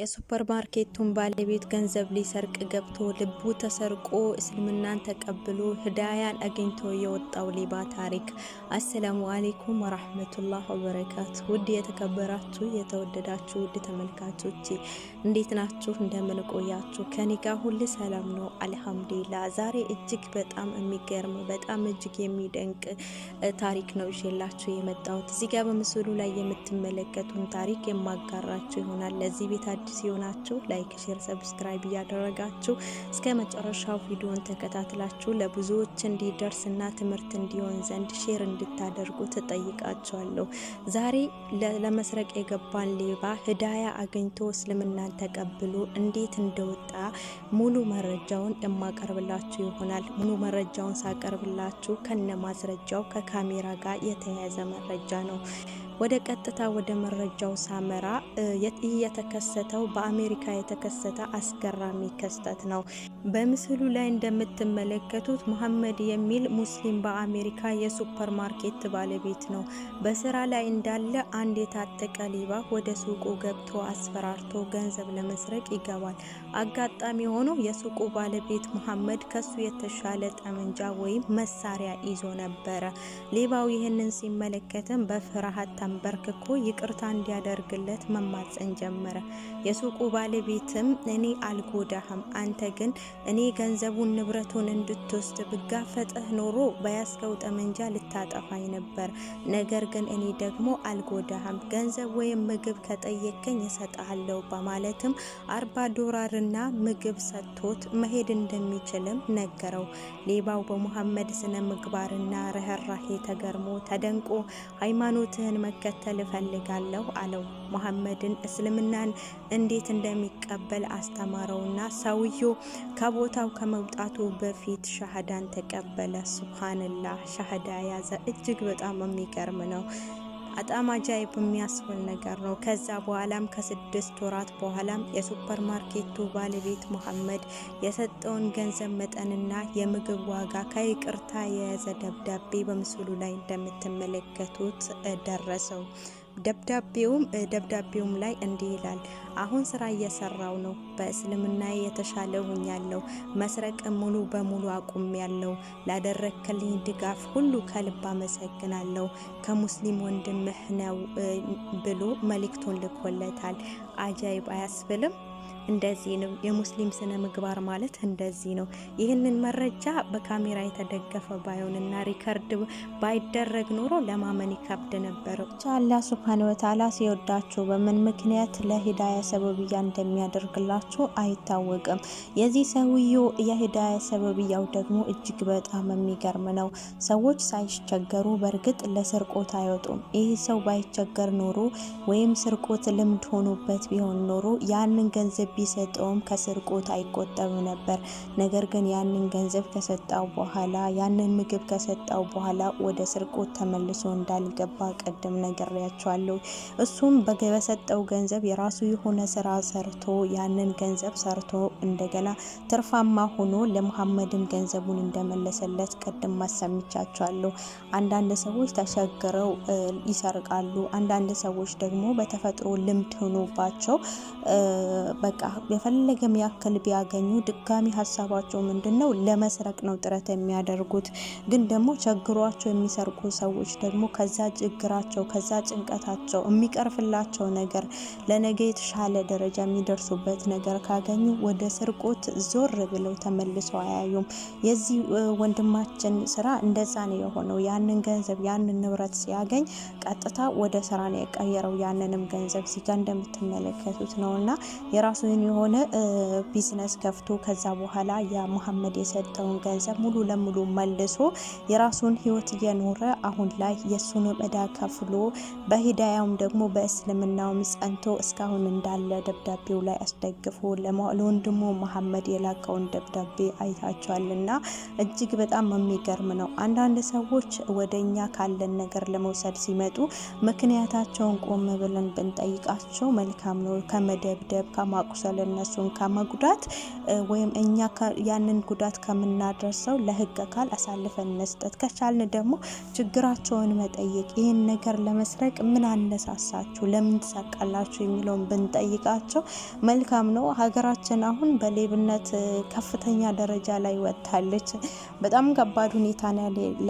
የሱፐርማርኬቱን ባለቤት ገንዘብ ሊሰርቅ ገብቶ ልቡ ተሰርቆ እስልምናን ተቀብሎ ህዳያን አግኝቶ የወጣው ሌባ ታሪክ። አሰላሙ አሌይኩም ወራህመቱላህ ወበረካቱ። ውድ የተከበራችሁ የተወደዳችሁ ውድ ተመልካቾች እንዴት ናችሁ? እንደምን ቆያችሁ? ከኔ ጋር ሁል ሰላም ነው አልሐምዱሊላ። ዛሬ እጅግ በጣም የሚገርም በጣም እጅግ የሚደንቅ ታሪክ ነው ይዤላችሁ የመጣሁት። እዚህ ጋር በምስሉ ላይ የምትመለከቱን ታሪክ የማጋራችሁ ይሆናል። ለዚህ ቤት አዲስ የሆናችሁ ላይክ፣ ሼር፣ ሰብስክራይብ እያደረጋችሁ እስከ መጨረሻው ቪዲዮን ተከታትላችሁ ለብዙዎች እንዲደርስ እና ትምህርት እንዲሆን ዘንድ ሼር እንድታደርጉ ትጠይቃችኋለሁ። ዛሬ ለመስረቅ የገባን ሌባ ህዳያ አግኝቶ እስልምናን ተቀብሎ እንዴት እንደወጣ ሙሉ መረጃውን የማቀርብላችሁ ይሆናል። ሙሉ መረጃውን ሳቀርብላችሁ ከነ ማስረጃው ከካሜራ ጋር የተያያዘ መረጃ ነው። ወደ ቀጥታ ወደ መረጃው ሳመራ እየተከሰተው በአሜሪካ የተከሰተ አስገራሚ ክስተት ነው። በምስሉ ላይ እንደምትመለከቱት መሐመድ የሚል ሙስሊም በአሜሪካ የሱፐር ማርኬት ባለቤት ነው። በስራ ላይ እንዳለ አንድ የታጠቀ ሌባ ወደ ሱቁ ገብቶ አስፈራርቶ ገንዘብ ለመስረቅ ይገባል። አጋጣሚ ሆኖ የሱቁ ባለቤት መሐመድ ከሱ የተሻለ ጠመንጃ ወይም መሳሪያ ይዞ ነበረ። ሌባው ይህንን ሲመለከትም በፍርሃት ተንበርክኮ ይቅርታ እንዲያደርግለት መማጸን ጀመረ። የሱቁ ባለቤትም እኔ አልጎዳህም፣ አንተ ግን እኔ ገንዘቡን ንብረቱን እንድትወስድ ብጋፈጥህ ኖሮ በያዝከው ጠመንጃ ልታጠፋኝ ነበር። ነገር ግን እኔ ደግሞ አልጎዳህም፣ ገንዘብ ወይም ምግብ ከጠየከኝ እሰጥሃለሁ በማለትም አርባ ዶላርና ምግብ ሰጥቶት መሄድ እንደሚችልም ነገረው። ሌባው በሙሐመድ ስነ ምግባርና ርኅራሄ ተገርሞ ተደንቆ ሃይማኖትህን እንድትከተል እፈልጋለሁ አለው። መሐመድን እስልምናን እንዴት እንደሚቀበል አስተማረውና ሰውየው ከቦታው ከመውጣቱ በፊት ሻሃዳን ተቀበለ። ሱብሃንላህ ሻሃዳ ያዘ። እጅግ በጣም የሚገርም ነው። በጣም አጃይብ የሚያስብል ነገር ነው። ከዛ በኋላም ከስድስት ወራት በኋላም የሱፐር ማርኬቱ ባለቤት መሐመድ የሰጠውን ገንዘብ መጠንና የምግብ ዋጋ ከይቅርታ የያዘ ደብዳቤ በምስሉ ላይ እንደምትመለከቱት ደረሰው። ደብዳቤውም ደብዳቤውም ላይ እንዲህ ይላል። አሁን ስራ እየሰራው ነው። በእስልምና የተሻለ ሁኛለው። መስረቅ ሙሉ በሙሉ አቁም ያለው ላደረክልኝ ድጋፍ ሁሉ ከልብ አመሰግናለሁ። ከሙስሊም ወንድምህ ነው ብሎ መልእክቱን ልኮለታል። አጃይብ አያስብልም? እንደዚህ ነው የሙስሊም ስነ ምግባር ማለት እንደዚህ ነው። ይህንን መረጃ በካሜራ የተደገፈ ባይሆንና ሪከርድ ባይደረግ ኖሮ ለማመን ይከብድ ነበር። ብቻ አላህ ሱብሃነሁ ወተዓላ ሲወዳችሁ በምን ምክንያት ለሂዳያ ሰበብያ እንደሚያደርግላችሁ አይታወቅም። የዚህ ሰውዬው የሂዳያ ሰበብያው ደግሞ እጅግ በጣም የሚገርም ነው። ሰዎች ሳይቸገሩ በእርግጥ ለስርቆት አይወጡም። ይህ ሰው ባይቸገር ኖሮ ወይም ስርቆት ልምድ ሆኖበት ቢሆን ኖሮ ያንን ገንዘብ ቢሰጠውም ከስርቆት አይቆጠብ ነበር። ነገር ግን ያንን ገንዘብ ከሰጠው በኋላ ያንን ምግብ ከሰጠው በኋላ ወደ ስርቆት ተመልሶ እንዳልገባ ቀደም ነግሬያቸዋለሁ። እሱም በሰጠው ገንዘብ የራሱ የሆነ ስራ ሰርቶ ያንን ገንዘብ ሰርቶ እንደገና ትርፋማ ሆኖ ለመሐመድም ገንዘቡን እንደመለሰለት ቀደም ማሰምቻቸዋለሁ። አንዳንድ ሰዎች ተሸግረው ይሰርቃሉ። አንዳንድ ሰዎች ደግሞ በተፈጥሮ ልምድ ሆኖባቸው በቃ የፈለገም ያክል ቢያገኙ ድጋሚ ሀሳባቸው ምንድን ነው ለመስረቅ ነው ጥረት የሚያደርጉት። ግን ደግሞ ቸግሯቸው የሚሰርቁ ሰዎች ደግሞ ከዛ ችግራቸው ከዛ ጭንቀታቸው የሚቀርፍላቸው ነገር ለነገ የተሻለ ደረጃ የሚደርሱበት ነገር ካገኙ ወደ ስርቆት ዞር ብለው ተመልሰው አያዩም። የዚህ ወንድማችን ስራ እንደዛ ነው የሆነው። ያንን ገንዘብ ያንን ንብረት ሲያገኝ ቀጥታ ወደ ስራ ነው የቀየረው። ያንንም ገንዘብ ሲጋ እንደምትመለከቱት ነው እና የራሱ ኦንላይን የሆነ ቢዝነስ ከፍቶ ከዛ በኋላ የሙሐመድ የሰጠውን ገንዘብ ሙሉ ለሙሉ መልሶ የራሱን ህይወት እየኖረ አሁን ላይ የሱን እዳ ከፍሎ በሂዳያውም ደግሞ በእስልምናውም ጸንቶ እስካሁን እንዳለ ደብዳቤው ላይ አስደግፎ ለወንድሙ መሐመድ የላከውን ደብዳቤ አይታቸዋልና እጅግ በጣም የሚገርም ነው። አንዳንድ ሰዎች ወደኛ ካለን ነገር ለመውሰድ ሲመጡ ምክንያታቸውን ቆም ብለን ብንጠይቃቸው መልካም ነው ከመደብደብ ከማቁሰ ይደርሳል እነሱን ከመጉዳት ወይም እኛ ያንን ጉዳት ከምናደርሰው ለህግ አካል አሳልፈን መስጠት ከቻልን ደግሞ ችግራቸውን መጠየቅ ይህን ነገር ለመስረቅ ምን አነሳሳችሁ፣ ለምን ትሰቃላችሁ የሚለውን ብንጠይቃቸው መልካም ነው። ሀገራችን አሁን በሌብነት ከፍተኛ ደረጃ ላይ ወጥታለች። በጣም ከባድ ሁኔታ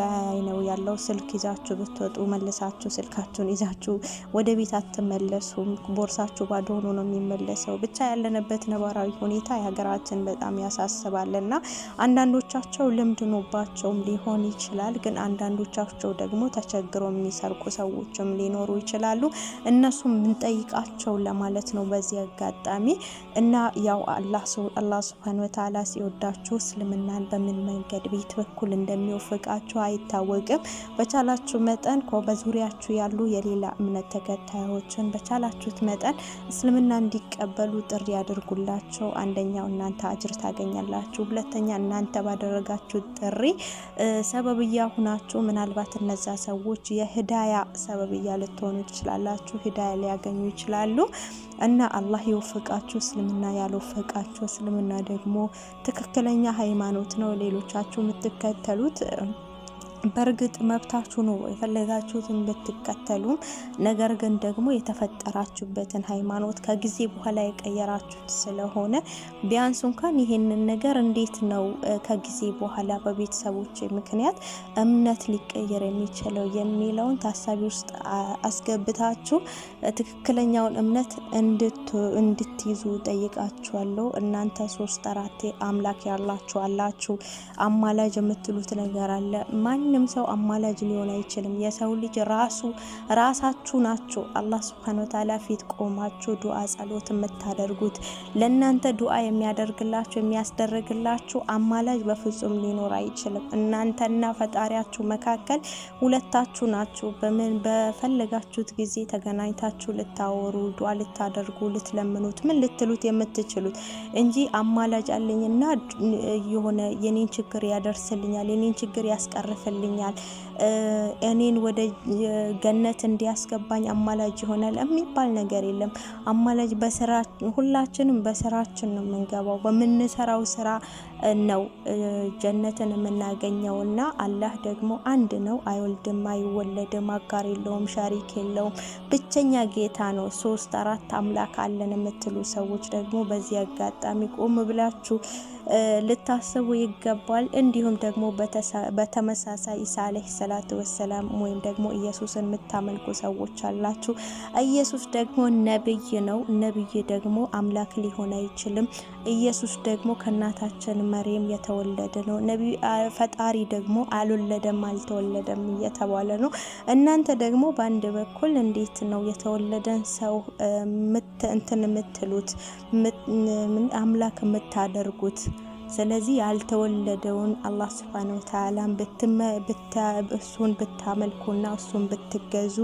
ላይ ነው ያለው። ስልክ ይዛችሁ ብትወጡ መልሳችሁ ስልካችሁን ይዛችሁ ወደ ቤት አትመለሱም። ቦርሳችሁ ባዶ ሆኖ ነው የሚመለሰው ብቻ ያለንበት ነባራዊ ሁኔታ የሀገራችን በጣም ያሳስባል እና አንዳንዶቻቸው ልምድ ኖባቸውም ሊሆን ይችላል፣ ግን አንዳንዶቻቸው ደግሞ ተቸግረው የሚሰርቁ ሰዎችም ሊኖሩ ይችላሉ። እነሱም ምንጠይቃቸው ለማለት ነው በዚህ አጋጣሚ እና ያው አላህ ስብሃነ ወተዓላ ሲወዳችሁ እስልምናን በምን መንገድ ቤት በኩል እንደሚወፍቃችሁ አይታወቅም። በቻላችሁ መጠን በዙሪያችሁ ያሉ የሌላ እምነት ተከታዮችን በቻላችሁት መጠን እስልምና እንዲቀበሉ ጥሪ አጅር ያደርጉላቸው። አንደኛው እናንተ አጅር ታገኛላችሁ፣ ሁለተኛ እናንተ ባደረጋችሁ ጥሪ ሰበብያ እያሁናችሁ ምናልባት እነዛ ሰዎች የሂዳያ ሰበብያ ልትሆኑ ትችላላችሁ፣ ሂዳያ ሊያገኙ ይችላሉ። እና አላህ የወፈቃችሁ እስልምና ያልወፈቃችሁ እስልምና ደግሞ ትክክለኛ ሃይማኖት ነው። ሌሎቻችሁ የምትከተሉት በእርግጥ መብታችሁ ነው የፈለጋችሁትን ብትከተሉ፣ ነገር ግን ደግሞ የተፈጠራችሁበትን ሃይማኖት ከጊዜ በኋላ የቀየራችሁት ስለሆነ ቢያንስ እንኳን ይህንን ነገር እንዴት ነው ከጊዜ በኋላ በቤተሰቦች ምክንያት እምነት ሊቀየር የሚችለው የሚለውን ታሳቢ ውስጥ አስገብታችሁ ትክክለኛውን እምነት እንድትይዙ ጠይቃችኋለሁ። እናንተ ሶስት አራቴ አምላክ ያላችሁ አላችሁ አማላጅ የምትሉት ነገር አለ ማን ማንም ሰው አማላጅ ሊሆን አይችልም። የሰው ልጅ ራሱ ራሳችሁ ናችሁ። አላህ ስብሐነ ወተዓላ ፊት ቆማችሁ ዱዓ ጸሎት የምታደርጉት ለእናንተ ዱዓ የሚያደርግላችሁ የሚያስደርግላችሁ አማላጅ በፍጹም ሊኖር አይችልም። እናንተና ፈጣሪያችሁ መካከል ሁለታችሁ ናችሁ። በምን በፈለጋችሁት ጊዜ ተገናኝታችሁ ልታወሩ ዱዓ ልታደርጉ ልትለምኑት ምን ልትሉት የምትችሉት እንጂ አማላጅ አለኝና የሆነ የኔን ችግር ያደርስልኛል የኔን ችግር ያስቀርፍልኛል ያደርግልኛል፣ እኔን ወደ ገነት እንዲያስገባኝ አማላጅ ይሆናል የሚባል ነገር የለም። አማላጅ በስራ ሁላችንም በስራችን ነው የምንገባው። በምንሰራው ስራ ነው ጀነትን የምናገኘው እና አላህ ደግሞ አንድ ነው። አይወልድም፣ አይወለድም፣ አጋር የለውም፣ ሸሪክ የለውም፣ ብቸኛ ጌታ ነው። ሶስት አራት አምላክ አለን የምትሉ ሰዎች ደግሞ በዚህ አጋጣሚ ቆም ብላችሁ ልታስቡ ይገባል። እንዲሁም ደግሞ በተመሳሳይ ሳሌህ ሰላት ወሰላም ወይም ደግሞ ኢየሱስን የምታመልኩ ሰዎች አላችሁ። ኢየሱስ ደግሞ ነብይ ነው። ነብይ ደግሞ አምላክ ሊሆን አይችልም። ኢየሱስ ደግሞ ከእናታችን መሪም የተወለደ ነው። ፈጣሪ ደግሞ አልወለደም አልተወለደም እየተባለ ነው። እናንተ ደግሞ በአንድ በኩል እንዴት ነው የተወለደን ሰው እንትን የምትሉት አምላክ የምታደርጉት? ስለዚህ ያልተወለደውን አላህ ስብሓን ወተዓላን እሱን ብታመልኩና እሱን ብትገዙ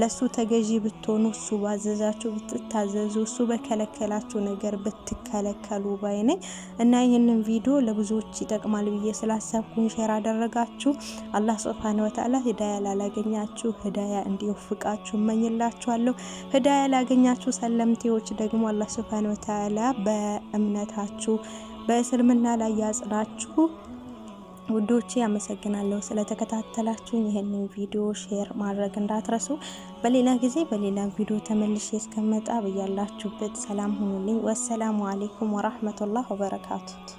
ለእሱ ተገዢ ብትሆኑ እሱ ባዘዛችሁ ብትታዘዙ እሱ በከለከላችሁ ነገር ብትከለከሉ ባይነኝ እና ይህንን ቪዲዮ ለብዙዎች ይጠቅማል ብዬ ስላሰብኩኝ ሼር አደረጋችሁ። አላህ ስብሓን ወተዓላ ህዳያ ላላገኛችሁ ህዳያ እንዲወፍቃችሁ እመኝላችኋለሁ። ህዳያ ላገኛችሁ ሰለምቴዎች ደግሞ አላህ ስብሓን ወተዓላ በእምነታችሁ በእስልምና ላይ ያጽናችሁ ውዶቼ። አመሰግናለሁ ስለተከታተላችሁኝ። ይህንን ቪዲዮ ሼር ማድረግ እንዳትረሱ። በሌላ ጊዜ በሌላ ቪዲዮ ተመልሼ እስከመጣ ብያላችሁበት ሰላም ሁኑልኝ። ወሰላሙ አሌይኩም ወራህመቱላህ ወበረካቱት